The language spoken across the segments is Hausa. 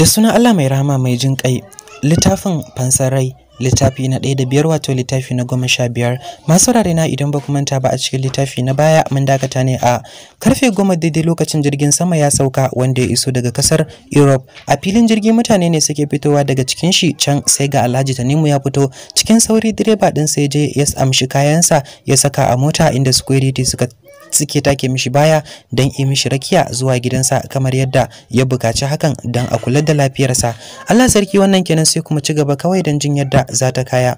da sunan Allah mai rahama mai jin ƙai littafin fansarai littafi na ɗaya da biyar wato littafi na goma sha biyar masu na idan ba ku manta ba a cikin littafi na baya mun dakata ne a karfe goma daidai lokacin jirgin sama ya sauka wanda ya iso daga kasar europe a filin jirgin mutane ne suke fitowa daga cikin shi can sai ga alhaji tanimu ya fito cikin sauri direba ɗin sai je ya amshi kayansa ya saka a mota inda security suka suke take mishi baya dan yi mishi rakiya zuwa gidansa kamar yadda ya bukaci hakan dan a kula da lafiyarsa Allah sarki wannan kenan sai kuma ci gaba kawai don jin yadda za ta kaya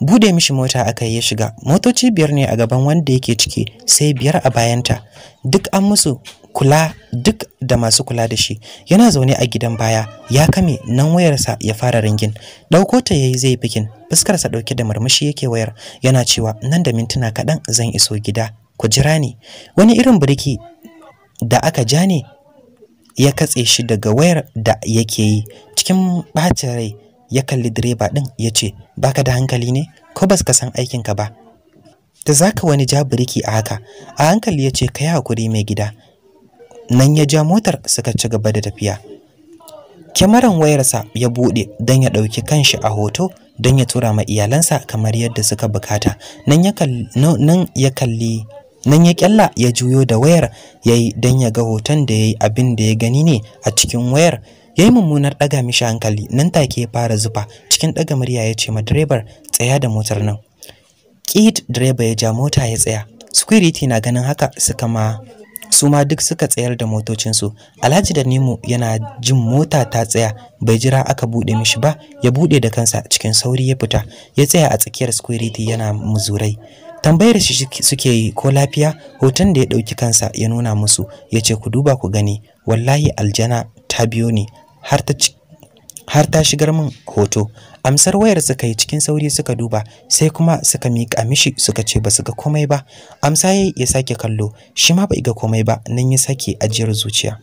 bude mishi mota aka ya shiga motoci biyar ne a gaban wanda yake ciki sai biyar a bayanta duk an musu kula duk da masu kula da shi yana zaune a gidan baya ya kame nan wayarsa ya fara ringin dauko ta yayi zai fikin fuskarsa dauke da murmushi yake wayar yana cewa nan da mintuna kaɗan zan iso gida ku jira ni wani irin birki da aka ja ne ya katse shi daga wayar da yake yi cikin ɓacin rai ya kalli direba ɗin ya ce baka da hankali ne ko bas ka san aikinka ba da zaka wani ja birki a haka a hankali ya ce ka yi hakuri mai gida nan ya ja motar suka ci gaba da tafiya kyamaran wayarsa ya buɗe don ya ɗauki kanshi a hoto don ya tura ma iyalansa kamar yadda suka bukata nan ya kalli nan ya kyalla ya juyo da wayar yayi dan ya ga hoton da yayi abin da ya gani ne a cikin wayar yayi mummunar daga mishi hankali nan take ya fara zufa cikin daga murya ya ce ma direbar tsaya da motar nan kid direba ya ja mota ya tsaya security na ganin haka suka ma su ma duk suka tsayar da motocinsu alhaji da nemo yana jin mota ta tsaya bai jira aka bude mishi ba ya bude da kansa cikin sauri ya fita ya tsaya a tsakiyar security yana muzurai tambayar shi suke yi ko lafiya hoton da ya ɗauki kansa ya nuna musu ya ce ku duba ku gani wallahi aljana ta biyo ni har ta har ta shigar min hoto amsar wayar suka yi cikin sauri suka duba sai kuma suka miƙa mishi suka ce ba su ga komai ba amsa ya sake kallo shi ma bai ga komai ba nan ya sake ajiyar zuciya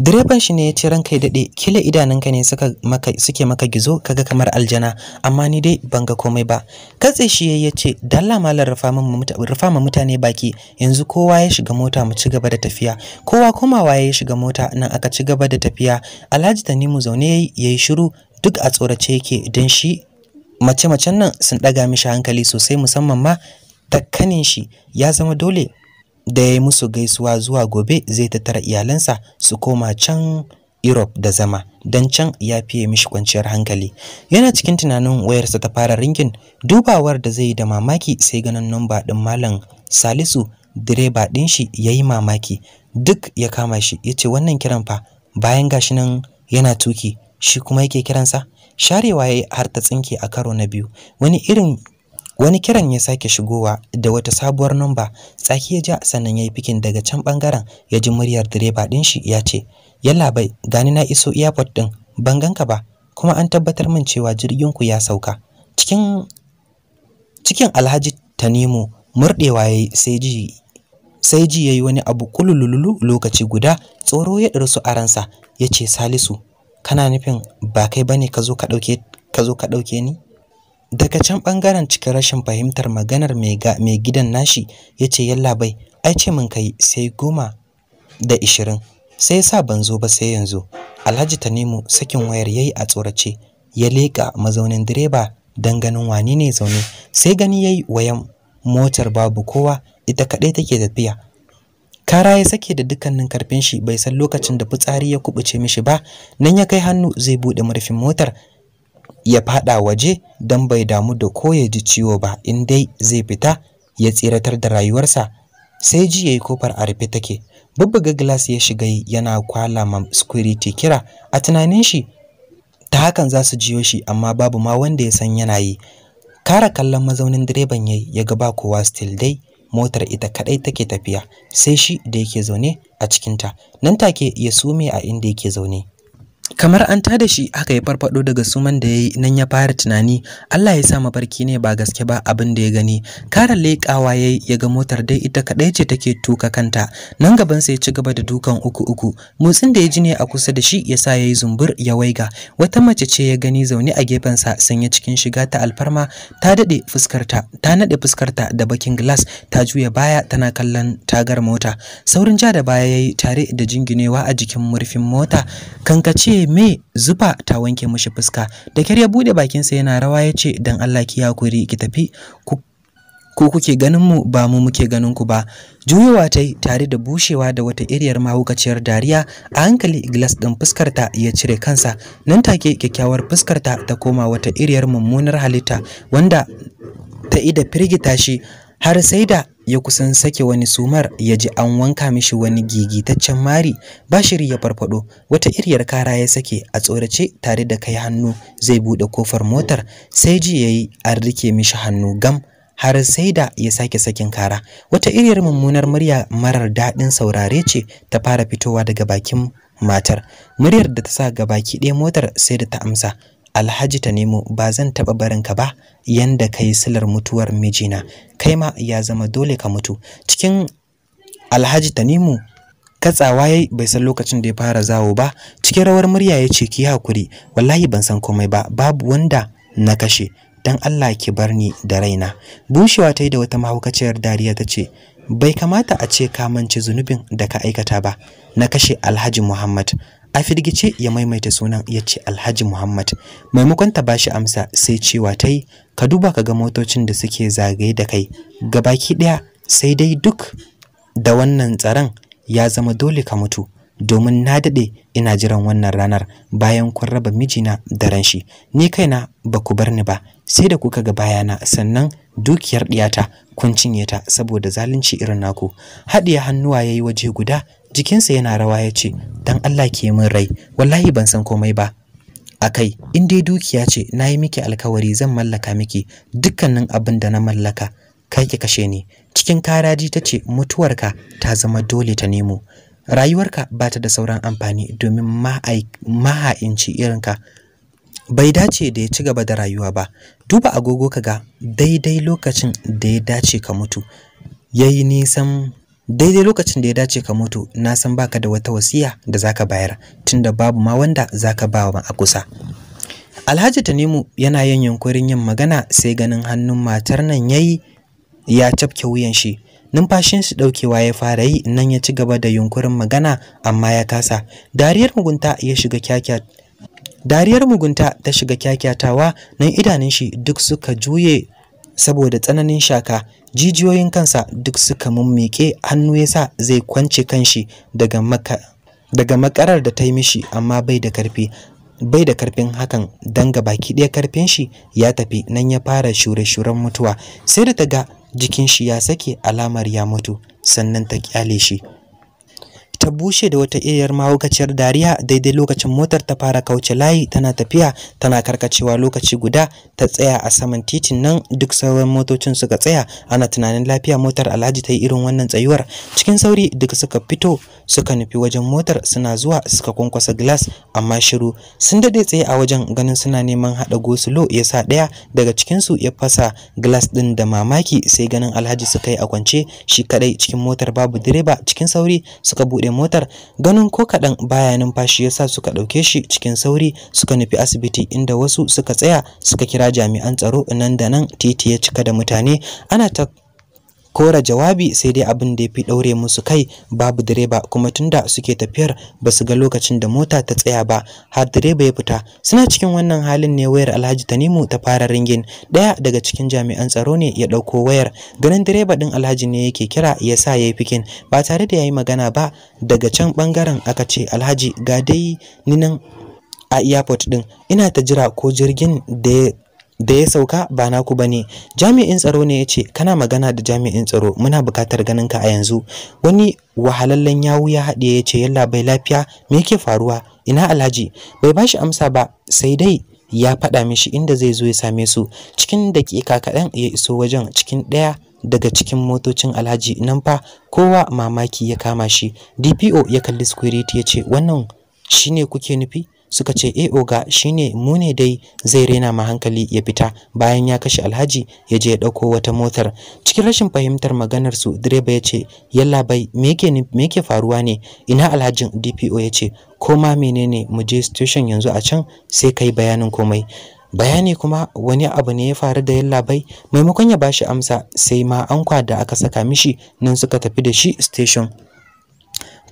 direban shi ne ya ce ranka ya dade kila idanunka ne suka maka suke maka gizo kaga kamar aljana amma ni dai ban ga komai ba katse shi yayi ya ce dalla malar rufa rufa ma mutane baki yanzu kowa ya shiga mota mu ci gaba da tafiya kowa komawa ya shiga mota nan aka ci gaba da tafiya Alhaji Tanimu zaune yayi yayi shiru duk a tsorace yake dan shi mace-macen nan sun daga mishi hankali sosai musamman ma takkanin shi ya zama dole da ya yi musu gaisuwa zuwa gobe zai tattara iyalansa su koma can Europe da zama don can ya fiye mishi kwanciyar hankali. Yana cikin tunanin wayarsa ta fara ringin dubawar da zai yi da mamaki sai ganin namba ɗin Malam Salisu direba ɗin shi ya yi mamaki duk ya kama shi ya ce wannan kiran fa bayan gashi nan yana tuki shi kuma yake kiransa sharewa ya har ta tsinke a karo na biyu wani irin wani kiran ya sake shigowa da wata sabuwar namba tsaki ya ja sannan ya yi fikin daga can bangaren ya ji muryar direba din shi ya ce yalla bai gani na iso airport din ban ganka ba kuma an tabbatar min cewa jirgin ku ya sauka cikin cikin alhaji tanimu murdewa yayi sai ji sai ji yayi wani abu kulululu lokaci guda tsoro ya darsu a ransa ce salisu kana nufin ba kai bane ka zo ka dauke ka zo ka dauke ni daga can ɓangaren cikin rashin fahimtar maganar mai gidan nashi ya ce yallaɓai ai ce min kai sai goma da ishirin sai sa ban zo ba sai yanzu alhaji tanimu sakin wayar yayi a tsorace ya leƙa mazaunin direba don ganin wani ne zaune sai gani yayi wayan motar babu kowa ita kaɗai take tafiya kara ya sake da dukkanin karfin shi bai san lokacin da fitsari ya kubuce mishi ba nan ya kai hannu zai buɗe murfin motar ya fada waje don bai damu da ko ya ji ciwo ba in dai zai fita ya tsiratar da rayuwarsa sai ji yayi kofar a rufe take bubbuga glass ya shiga yana kwala ma security kira a tunanin shi ta hakan za su jiyo shi amma babu ma wanda ya san yana yi kara kallon mazaunin direban yayi ya ga ba kowa still dai motar ita kadai take tafiya sai shi da yake zaune a cikinta nan take ya sume a inda yake zaune kamar an tada shi aka yi farfado daga suman da ya yi nan ya fara tunani Allah ya sa barki ne ba gaske ba abin da ya gani karan leƙawa ya ya ga motar dai ita kaɗai ce take tuka kanta nan gaban sai ya ci gaba da dukan uku uku motsin da ya ji ne a kusa da shi ya sa ya yi zumbur ya waiga wata mace ce ya gani zaune a gefensa ya cikin shiga ta alfarma ta daɗe fuskarta ta naɗe fuskarta da bakin glass ta juya baya tana kallon tagar mota saurin ja da baya ya yi tare da jinginewa a jikin murfin mota kankace me zufa ta wanke mishi fuska da kyar ya bude bakinsa yana rawa ya ce dan Allah ki hakuri ki tafi ku kuke ganin mu ba mu muke ganin ku ba juyowa ta yi tare da bushewa da wata iriyar mahaukaciyar dariya a hankali glass ɗin fuskarta ya cire kansa nan take kyakkyawar fuskarta ta koma wata iriyar mummunar halitta wanda ta ida firgita shi har sai da ya kusan sake wani sumar ya ji an wanka mishi wani gigitaccen mari ba shiri ya farfado wata iriyar kara ya sake a tsorace tare da kai hannu zai bude kofar motar sai ji yayi an rike mishi hannu gam har sai da ya sake sakin kara wata iriyar mummunar murya marar daɗin saurare ce ta fara fitowa daga bakin matar muryar da ta sa gabaki ɗaya motar sai da ta amsa Alhaji Tanimu ba zan taɓa ka ba yanda ka yi silar mutuwar mijina kai ma ya zama dole ka mutu cikin Alhaji Tanimu katsawa yayi bai san lokacin da ya fara zawo ba cikin rawar murya ya ce ki hakuri wallahi ban san komai ba babu wanda na kashe dan Allah ki bar ni da raina bushewa ta yi da wata mahaukaciyar dariya ta ce bai kamata a ce ka mance zunubin da ka aikata ba na kashe Alhaji Muhammad a firgice ya maimaita sunan ya ce Alhaji Muhammad maimakon ta bashi amsa sai cewa ta yi ka duba ka ga motocin da suke zagaye da kai Ga baki daya sai dai duk da wannan tsaron ya zama dole ka mutu domin na daɗe, ina jiran wannan ranar bayan kun raba mijina da ran shi ni kaina ba ku bar ni ba sai da kuka ga bayana sannan dukiyar ɗiyata kun cinye ta saboda zalunci irin naku haɗiye hannuwa yayi waje guda jikinsa yana rawa ya ce dan Allah ke min rai wallahi ban san komai ba akai in dai dukiya ce na yi miki alkawari zan mallaka miki dukkanin abin da na mallaka kai ki kashe ni cikin karaji tace mutuwarka ta zama dole ta nemo rayuwarka ba ta da sauran amfani domin maha'inci ka. bai dace da ya ci gaba da rayuwa ba duba agogo ka ga daidai lokacin da ya dace ka mutu yayi nisan daidai lokacin da ya dace ka mutu na san baka da wata wasiya da zaka bayar tunda babu ma wanda zaka ba wa a kusa Alhaji Tanimu yana yin yunkurin yin magana sai ganin hannun matar nan yayi ya cafke wuyan shi numfashin shi daukewa ya fara yi nan ya ci gaba da yunkurin magana amma ya kasa dariyar mugunta ya shiga kyakya dariyar mugunta ta shiga kyakyatawa nan idanun shi duk suka juye saboda tsananin shaka jijiyoyin kansa duk suka mummike hannu ya sa zai kwance kanshi daga maka daga makarar da ta yi mishi amma bai da karfi bai da karfin hakan don baki ɗaya karfin shi ya tafi nan ya fara shure-shuren mutuwa sai da ta ga jikin shi ya sake alamar ya mutu sannan ta kyale shi ta bushe da wata iriyar mahaukaciyar dariya daidai lokacin motar ta fara kauce layi tana tafiya tana karkacewa lokaci guda ta tsaya a saman titin nan duk sauran motocin suka tsaya ana tunanin lafiya motar Alhaji ta yi irin wannan tsayuwar cikin sauri duk suka fito suka nufi wajen motar suna zuwa suka kwankwasa glass amma shiru sun dade tsaye a wajen ganin suna neman haɗa gosulo ya sa ɗaya daga cikinsu ya fasa glass ɗin da mamaki sai ganin Alhaji suka yi a kwance shi kaɗai cikin motar babu direba cikin sauri suka buɗe. buɗe motar ganin ko kaɗan baya numfashi yasa suka ɗauke shi cikin sauri suka nufi asibiti inda wasu suka tsaya suka kira jami'an tsaro nan da nan titi ya cika da mutane ana ta kora jawabi sai dai abin da ya fi ɗaure musu kai babu direba kuma tunda suke tafiyar ba su ga lokacin da mota ta tsaya ba har direba ya fita suna cikin wannan halin ne wayar alhaji tanimu ta fara ringin daya daga cikin jami'an tsaro ne ya ɗauko wayar ganin direba ɗin alhaji ne yake kira ya sa yayi yi fikin ba tare da yayi magana ba daga can bangaren aka ce alhaji ga dai ni a airport din ina ta jira ko jirgin da da ya sauka ba naku bane jami'in tsaro ne yace kana magana da jami'in tsaro muna bukatar ganin ka a yanzu wani wahalallen yawu ya haɗe yace yalla bai lafiya me yake faruwa ina Alhaji bai bashi amsa ba sai dai ya faɗa mishi inda zai zo ya same su cikin daƙiƙa kaɗan ya iso wajen cikin ɗaya daga cikin motocin Alhaji nan fa kowa mamaki ya kama shi DPO ya kalli security ya ce wannan shine kuke nufi suka ce eh oga shine mu ne dai zai rena ma hankali ya fita bayan ya kashe alhaji ya je ya dauko wata motar cikin rashin fahimtar maganar su direba ya ce yalla bai me yake faruwa ne ina alhajin DPO ya ce ko ma menene mu je station yanzu a can sai kai bayanin komai bayani kuma wani abu ne ya faru da yallabai maimakon ya bashi amsa sai ma an da aka saka mishi nan suka tafi da shi station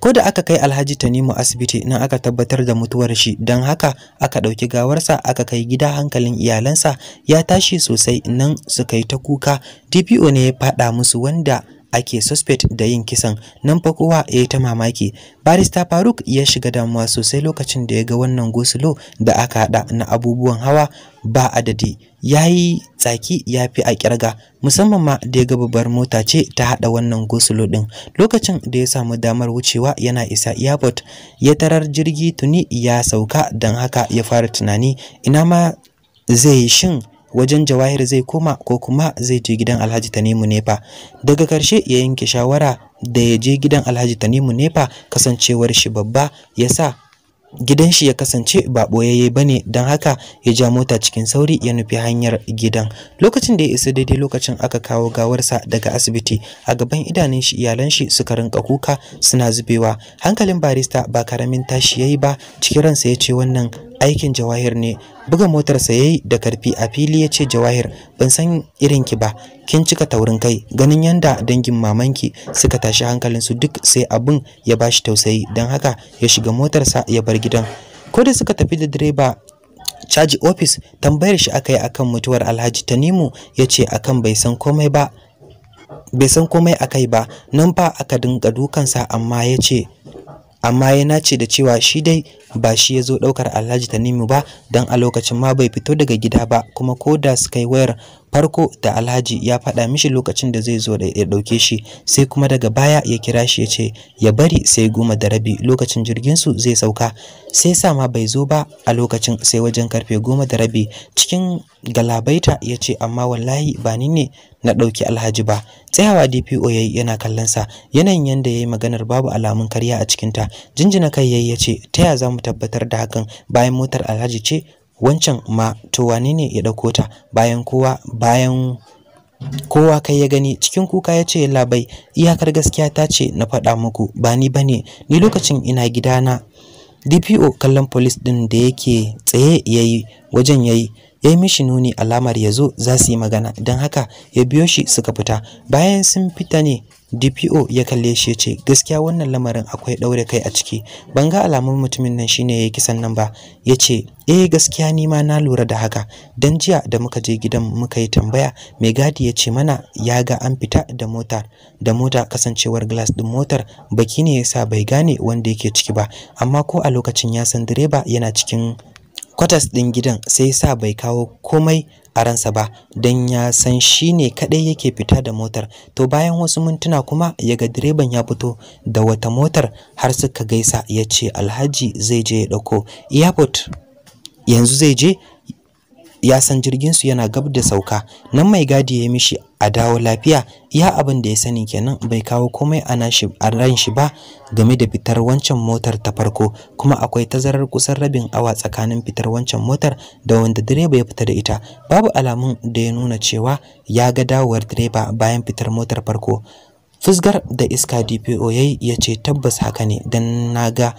ko da aka kai Alhaji Tanimu asibiti nan aka tabbatar da mutuwar shi don haka aka ɗauki gawarsa aka kai gida hankalin iyalansa ya tashi sosai nan suka yi ta kuka DPO ne ya faɗa musu wanda ake suspect da yin kisan nan fa kowa ya ta mamaki barista faruk ya shiga damuwa sosai lokacin da ya ga wannan gosulo da aka hada na abubuwan hawa ba adadi yayi tsaki ya fi a kirga musamman ma da ya ga babbar mota ce ta hada wannan gosulo din lokacin da ya samu damar wucewa yana isa airport ya tarar jirgi tuni ya sauka don haka ya fara tunani ina ma zai shin wajen jawahir zai koma ko kuma zai je gidan alhaji tanimu nefa daga karshe ya yanke shawara da ya je gidan alhaji tanimu nefa kasancewar shi babba ya sa gidan shi ya kasance ba boyayye bane don haka ya ja mota cikin sauri ya nufi hanyar gidan lokacin da ya isa daidai lokacin aka kawo gawarsa daga asibiti a gaban idanun shi iyalan shi suka rinka kuka suna zubewa hankalin barista ba karamin tashi yayi ba cikin ransa ya ce wannan aikin jawahir ne buga motarsa ya yi da karfi a fili yace Jawahir ban san irin ki ba kin cika taurin kai ganin yanda dangin mamanki suka tashi hankalin su duk sai abin ya bashi tausayi dan haka ya shiga motarsa ya bar gidan ko da suka tafi da direba caji ofis, tambayar shi aka yi akan mutuwar Alhaji Tanimu yace akan bai san komai ba bai san komai akai ba nan fa aka dinga dukansa amma yace amma ya nace da cewa shi dai ba shi ya zo ɗaukar Alhaji Tanimu ba don a lokacin ma bai fito daga gida ba kuma ko da suka yi wayar farko da Alhaji ya faɗa mishi lokacin da zai zo da ya ɗauke shi sai kuma daga baya ya kira shi ya ce ya bari sai goma da rabi lokacin jirgin su zai sauka sai sama bai zo ba a lokacin sai wajen karfe goma da rabi cikin galabaita ya ce amma wallahi ba ni ne na ɗauki alhaji ba tsayawa dpo ya yi yana kallonsa yanayin yadda ya yi maganar babu alamun karya a cikinta jinjina kai ya yi ya ce ta ya zama mu tabbatar da hakan bayan motar Alhaji ce wancan ma to wane ne ya dauko ta bayan kowa bayan kowa kai ya gani cikin kuka ya ce labai iyakar gaskiya ta ce na faɗa muku ba ni bane ni lokacin ina gidana DPO kallon police din da yake tsaye yayi wajen yayi ya yi mishi nuni alamar ya zo za su yi magana don haka ya biyo shi suka fita bayan sun fita ne DPO ya kalle shi ya ce gaskiya wannan lamarin akwai daure kai a ciki ban ga alamun mutumin nan shine yayi kisan nan ba ya ce eh gaskiya ni ma na lura da haka dan jiya da muka je gidan muka yi tambaya mai gadi ya ce mana ya ga an fita da motar da mota kasancewar glass din motar baki ne yasa bai gane wanda yake ciki ba amma ko a lokacin ya san direba yana cikin kwatas ɗin gidan sai sa bai kawo komai a ransa ba don ya san shi ne kaɗai yake fita da motar to bayan wasu mintuna kuma ya ga direban ya fito da wata motar har suka gaisa ya ce alhaji zai je ya ɗauko airport yanzu zai je ya san jirginsu yana gab da sauka nan mai gadi ya mishi a dawo lafiya iya abin da ya sani kenan bai kawo komai a nashi a ran shi ba game da fitar wancan motar ta farko kuma akwai tazarar kusan rabin awa tsakanin fitar wancan motar da wanda direba ya fita da ita babu alamun da ya nuna cewa ya ga dawowar direba bayan fitar motar farko fusgar da iska DPO yayi ya ce tabbas haka ne na ga.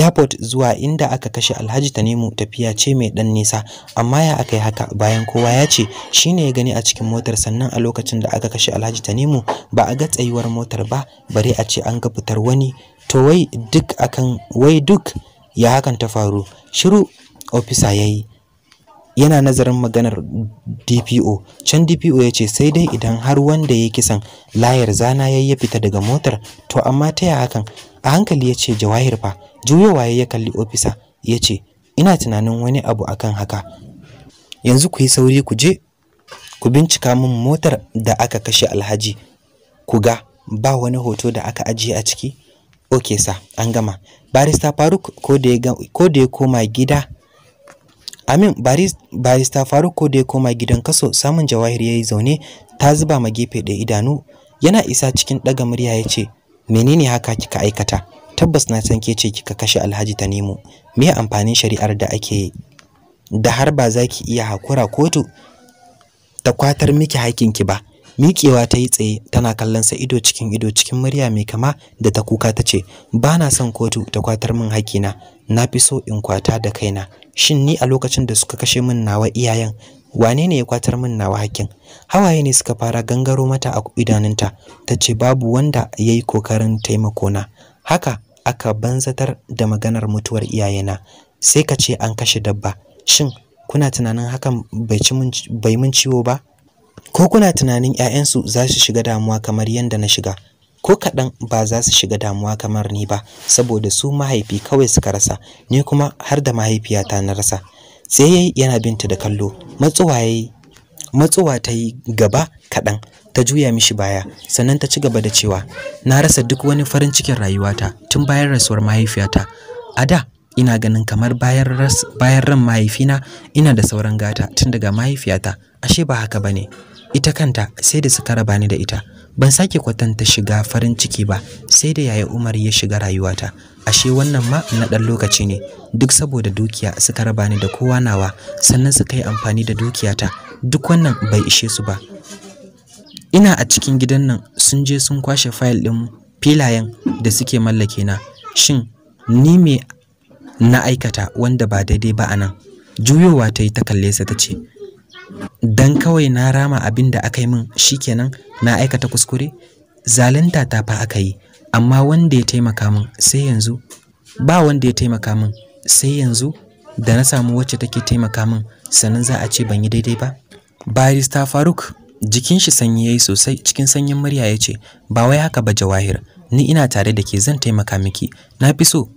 airport zuwa inda aka kashe Alhaji Tanimu tafiya ce mai dan nisa amma ya aka haka bayan kowa ya ce shine ya gani a cikin motar sannan a lokacin da aka kashe Alhaji Tanimu ba a ga tsayuwar motar ba bare a ce an ga fitar wani to wai duk akan wai duk ya hakan ta faru shiru ofisa yayi yana nazarin maganar DPO can DPO ya ce sai dai idan har wanda ya kisan layar zana ya ya fita daga motar to amma ta ya hakan a hankali ya ce jawahir fa juyowa ya kalli ofisa ya ce ina tunanin wani abu akan haka yanzu ku yi sauri ku je ku bincika min motar da aka kashe alhaji ku ga ba wani hoto da aka ajiye a ciki ok sa an gama barista faruk ko da ya koma gida Amin barista Faruko da ya koma gidan kaso samun Jawahir yayi zaune ta zuba ma gefe ɗaya idanu yana isa cikin ɗaga murya ya ce menene haka kika aikata tabbas na san ke ce kika kashe Alhaji Tanimu me amfanin shari'ar da ake yi da har ba za ki iya hakura kotu ta kwatar miki hakinki ba miƙewa ta yi tsaye tana kallon sa ido cikin ido cikin murya mai kama da ta kuka ta ce ba na son kotu ta kwatar min haƙina. na fi so in kwata da kaina shin ni a lokacin da suka kashe min nawa iyayen wane ne ya kwatar min nawa hakkin hawaye ne suka fara gangaro mata a idanunta ta ce babu wanda ya yi kokarin taimako na haka aka banzatar da maganar mutuwar iyayena sai ka ce an kashe dabba shin kuna tunanin hakan bai mun ciwo ba ko kuna tunanin 'ya'yansu za su shiga damuwa kamar yadda na shiga ko kaɗan ba za su shiga damuwa kamar ni ba saboda su mahaifi kawai suka rasa ni kuma har da mahaifiyata na rasa sai yayi yana binta da kallo matsuwa ta yi gaba kaɗan ta juya mishi baya sannan ta ci gaba da cewa na rasa duk wani farin cikin rayuwata tun bayan rasuwar mahaifiyata a da ina ganin kamar bayan ran mahaifina ina da sauran gata tun daga mahaifiyata ashe ba haka ba ne? ita kanta sai da suka raba ni da ita ban sake kwatanta shiga farin ciki ba sai da yaya Umar ya shiga rayuwata ashe wannan ma na dan lokaci ne duk saboda dukiya suka raba ni da kowa nawa sannan suka yi amfani da dukiyata duk wannan bai ishe su ba ina a cikin gidan nan sun je sun kwashe fayil din filayen da suke mallake na shin ni me na aikata wanda ba daidai ba anan juyowa ta yi ta kalle sa ta ce dan kawai na rama abin da aka yi min shikenan na aikata kuskure zalunta ta fa aka yi amma wanda ya taimaka min sai yanzu ba wanda ya taimaka min sai yanzu da na samu wacce take taimaka min sannan za a ce ban yi daidai ba barista faruk jikin shi sanyi yayi sosai cikin sanyin murya ya ce ba wai haka ba jawahir ni ina tare da ke zan taimaka miki na fi so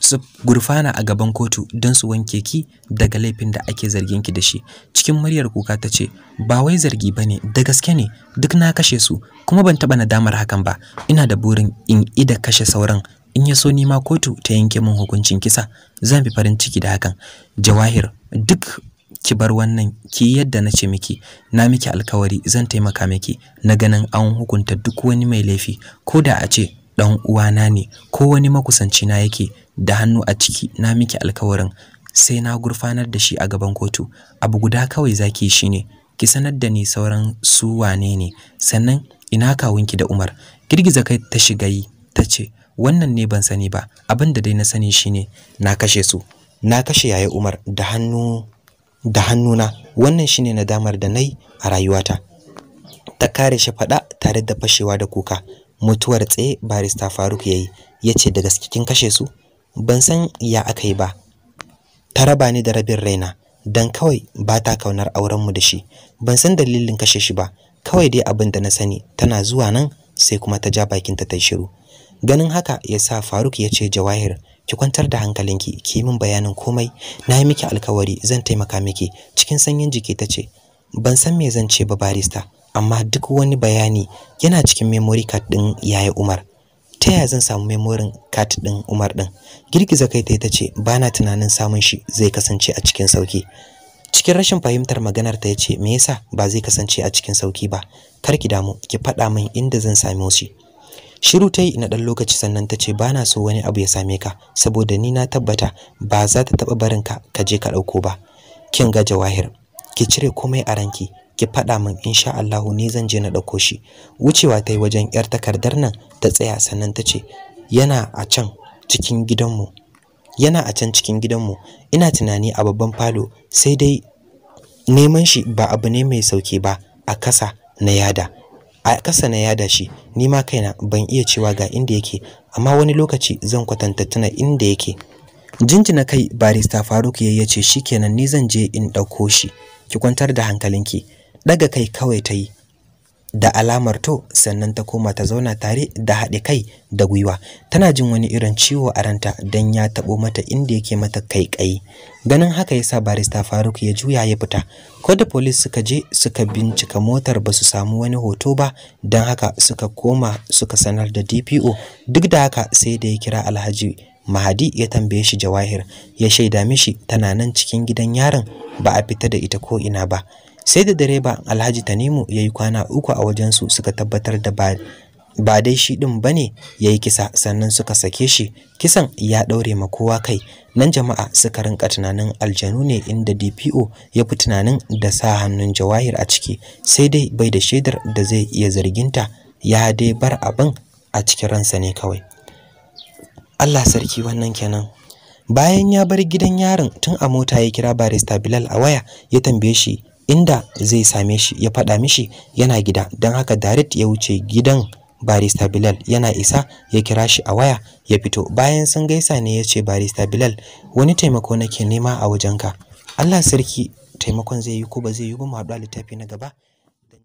su gurfana a gaban kotu don su wanke ki daga laifin da ake zargin ki da shi cikin muryar kuka ta ce ba wai zargi ba ne da gaske ne duk na kashe su kuma ban taɓa nadamar hakan ba ina da burin in ida kashe sauran in ya so nima kotu ta yanke min hukuncin kisa zan fi farin ciki da hakan jawahir duk ki bar wannan ki yadda na ce miki na miki alkawari zan taimaka miki na ganin an hukunta duk wani mai laifi ko da a ce dan uwana ne ko wani makusanci na yake da hannu a ciki na miki alkawarin sai na gurfanar da shi a gaban kotu abu guda kawai zaki shine ki sanar da ni sauran su wane ne sannan ina kawunki da Umar girgiza kai ta shiga yi tace wannan ne ban sani ba abin da dai na sani shine na kashe su na kashe yaya Umar da hannu da hannuna wannan shine nadamar da nai a rayuwata ta kare shi fada tare da fashewa da kuka mutuwar tsaye barista Faruk yayi yace da gaske kin kashe su ban san ya aka yi ba ta raba ni da rabin raina dan kawai ba ta kaunar aurenmu da shi ban san dalilin kashe shi ba kawai dai abin da na sani tana zuwa nan sai kuma ta ja bakinta ta shiru ganin haka ya sa faruk ya ce jawahir ki kwantar da hankalinki ki min bayanin komai na yi miki alkawari zan taimaka miki cikin sanyin jiki ta ce ban san me zan ce ba barista amma duk wani bayani yana cikin memory card din yaya umar ta yaya zan samu memorin kat ɗin Umar ɗin? girgiza kai ta tace ba na tunanin samun shi zai kasance a cikin sauki cikin rashin fahimtar maganar ta ce me yasa ba zai kasance a cikin sauki ba kar ki damu ki faɗa min inda zan same shi shiru yi na ɗan lokaci sannan tace ba na so wani abu ya same ka saboda ni na tabbata ba za ta taba barin ka ka je ka ɗauko ba kin ga jawahir ki cire komai a ranki ki faɗa min insha Allahu ni zan je na ɗauko shi wucewa ta yi wajen yar takardar nan ta tsaya sannan ta ce yana a can cikin gidanmu yana a can cikin gidanmu ina tunani a babban falo sai dai neman shi ba abu ne mai sauki ba a kasa na yada a kasa na yada shi ni ma kaina ban iya cewa ga inda yake amma wani lokaci zan kwatanta tuna inda yake jinjina kai barista faruk ya ce shikenan ni zan je in ɗauko shi ki kwantar da hankalinki daga kai kawai ta yi da alamar to sannan ta koma ta zauna tare da haɗe kai da gwiwa tana jin wani irin ciwo a ranta don ya taɓo mata inda yake mata kai kai ganin haka ya sa barista faruk ya juya ya fita ko da polis suka je suka bincika motar ba su samu wani hoto ba don haka suka koma suka sanar da dpo duk da haka sai da ya kira alhaji mahadi ya tambaye shi jawahir ya shaida mishi tana nan cikin gidan yaron ba a fita da ita ko ina ba sai da direba Alhaji Tanimu ya yi kwana uku a wajen su suka tabbatar da ba dai shi din bane yi kisa sannan suka sake shi kisan ya ɗaure ma kowa kai nan jama'a suka rinka tunanin aljanu ne inda DPO ya fi tunanin da sa hannun Jawahir a ciki sai dai bai da shaidar da zai iya zarginta ya dai bar abin a cikin ransa ne kawai Allah sarki wannan kenan bayan ya bar gidan yarin tun a mota ya kira barista Bilal a waya ya tambaye shi inda zai same shi ya faɗa mishi yana gida don haka Darit ya wuce gidan Barista Bilal yana isa ya kira shi a waya ya fito bayan sun gaisa ne ya ce Barista Bilal wani taimako nake nema a wajenka Allah sarki taimakon zai yi ko ba zai yi ba mu haɗu a littafi na gaba